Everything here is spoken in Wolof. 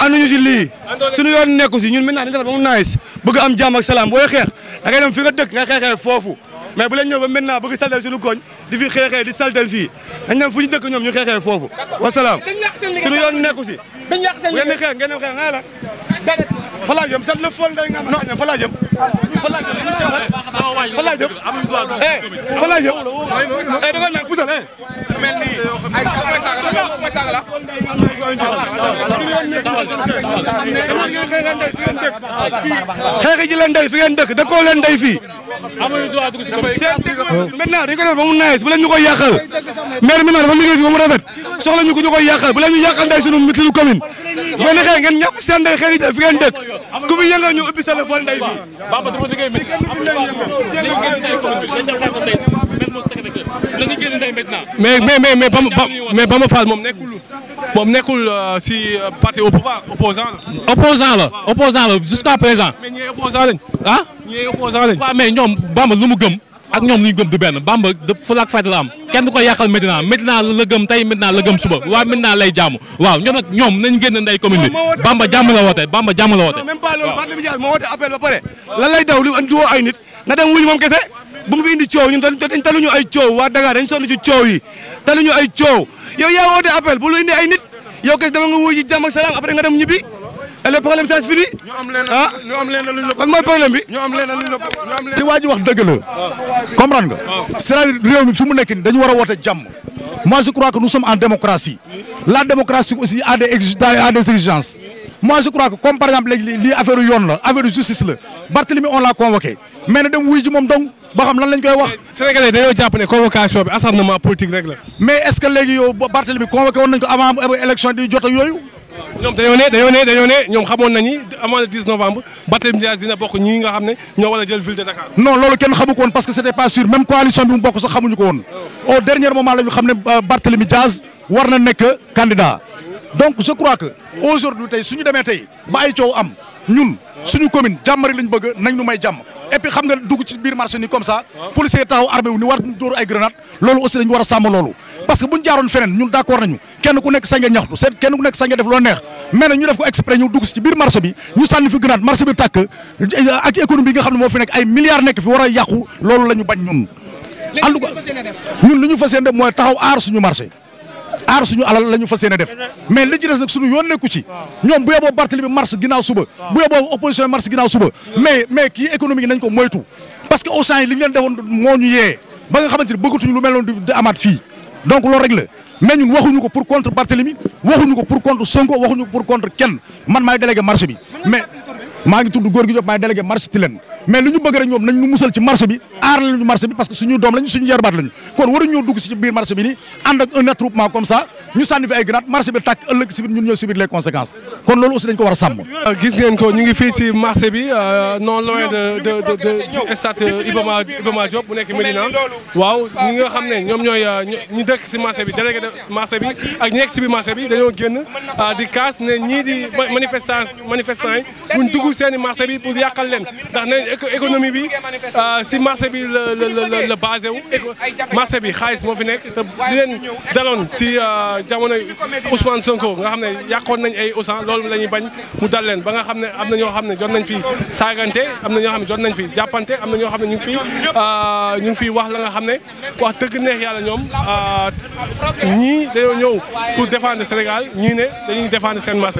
ànduñu si lii suñu yoon nekku si ñun maintenant dañu defar ba mu nice bëgg am jàmm salaam booy xeex da ngay dem fi nga dëkk nga xeexee foofu mais bu leen ñëw ba maintenant bëgg saltel di fi xeexee di saltel fii dañ dem fu ñu dëkk ñoom ñu xeexee foofu wasalaam suñu yoon nekku si ngeen di xeex ngeen di xeex nga la fa laa jëm sant la fool nday nga am fa laa jëm fa laa jëm fa laa jëm eh fa laa jëm eh da nga naan pusal eh Oumar Sall la. xeexi ji leen dey fi ngeen dëkk dëkkoo leen dey fii. maintenant dañu ko def ba mu naaj bu leen ñu koy yàqal maire mi naan dafa liggéey fi ba mu rafet soxla ñu ko ñu koy yàqal bu leen ñu yàqal ndey sunu suñu commune bu ngeen di xeex ngeen ñàpp seen ndey xeexi ji fi ngeen dëkk ku fi yëngal ñu ubbi seen la fool ndey mais mais Bamba mais moom moom nekkul euh, si euh, parti au la. opposant la opposant la jusqu'à présent. ah mais ñoom Bamba lu mu ak ñoom lu ñu du benn Bamba de fulaak la am kenn du ko yàqal Medina Medina la tey Medina la suba waaaa Medina lay jaamu waaw ñoom nañ génn nday commune bi Bamba jàmm la woote Bamba jàmm la woote même lay daw li ay nit na dem wuyu moom kese bu nga fi indi coow ñun dañ taluñu ay coow waa Dakar dañ sonn ci coow yi taluñu ay coow yow yaa woote appel bu lu indi ay nit yow kese dama nga wuy ji jàmm salaam après nga dem ñibbi et le problème c'est fini ah lan mooy ah. mu nekk nii dañu war woote jàmm. moi je crois que nous sommes en démocratie la démocratie aussi a des exigences. moi je crois que comme par exemple léegi lii yoon la affaire justice la Barthélemy on l'a convoqué mais na dem wuy ba xam lan lañ koy wax. Sénégalais dañoo jàpp ne convocation bi acharnement politique rek la. mais est ce que léegi yow Barthélemy convoqué woon ko avant élection di jot yooyu. ñoom xamoon nañu avant le novembre Barthélemy Dias dina bokk ñii nga xam ne ñoo war a jël ville de Dakar. non loolu kenn xamu ko woon parce que c' était pas sûr même coalition bi mu bokk sax xamuñu ko woon. Oh. au dernier moment la ñu xam ne euh, Barthélemy Dias war na nekk candidat. donc je crois commune jàmmari lañ bëgg nañ et puis xam nga dugg ci biir marché ni comme ça policier taxaw armé wu ni war dóoru ay grenade loolu aussi dañu war a sàmm loolu parce que bu ñu feneen ñun d'accord nañu kenn ku nekk sañ ñaxtu seet kenn ku nekk sañ def loo neex mais ñu def ko exprès ñu dugg ci biir marché bi ñu sànni fi grenade marché bi tàkk ak nga xam ne moo fi nekk ay milliards nekk fi war a yàqu loolu la ñu bañ ñun en tout ñun li ñu fas yéene def mooy taxaw aar suñu marché aar suñu alal la ñu fas yéene def mais li ci des nag suñu yoon nekku ci ñoom bu yeboo Barthélemy bi mars ginnaaw suba bu yeboo opposition mars ginnaaw suba mais mais kii économique nañ ko moytu parce que Auchan yi li ñu leen defoon moo yee ba nga xamante ni bëggatuñu lu mel di amaat fii donc loolu rek la ñun waxuñu ko pour contre Barthélemy waxuñu ko pour contre Sonko waxuñu ko pour contre kenn man maay délégué marché bi mais maa ngi tudd góor gi Diop maay délégué marché Tilène mais lu ñu bëgg rek ñoom nañ ñu musal ci marché bi aar lañu marché bi parce que suñu doom lañ suñu yarbaat lañu kon waruñ ñoo dugg si biir marché bi nii ànd a un attroupement comme ça ñu si biir ñun ñooy subir les conséquences kon loolu aussi dañ ko war a marché bi euh, non loin de de de Ibama Ibama bu nekk Médina waaw ñi nga xam ne ñoom ñooy euh, ñu dëkk si marché bi délégué de marché bi ak ñi nekk si marché bi dañoo génn euh, di kaas ne ñii di manifestants manifestants yi buñ dugg seeni marché bi pour yàqal leen économie bi euh, si marché bi la la la la basé wu marché bi xaalis moo fi nekk te di leen daloon si euh, jamonoy Ousmane Sonko nga xam ne yàqoon nañ ay Auchan loolu la ñuy bañ mu dal leen ba nga xam ne am na ñoo xam ne jot nañ fi saagante am na ñoo xam ne jot nañ fi jàppante am na ñoo xam ne ngi fi euh, ñu ngi fi wax la nga xam ne wax dëgg neex yàlla ñoom ñii dañoo ñëw pour défendre Sénégal ñii ne dañuy défendre seen marché.